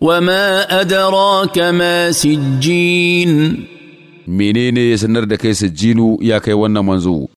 وما أدراك ما سجين منين يسنر دكي سجينو يا كي منزو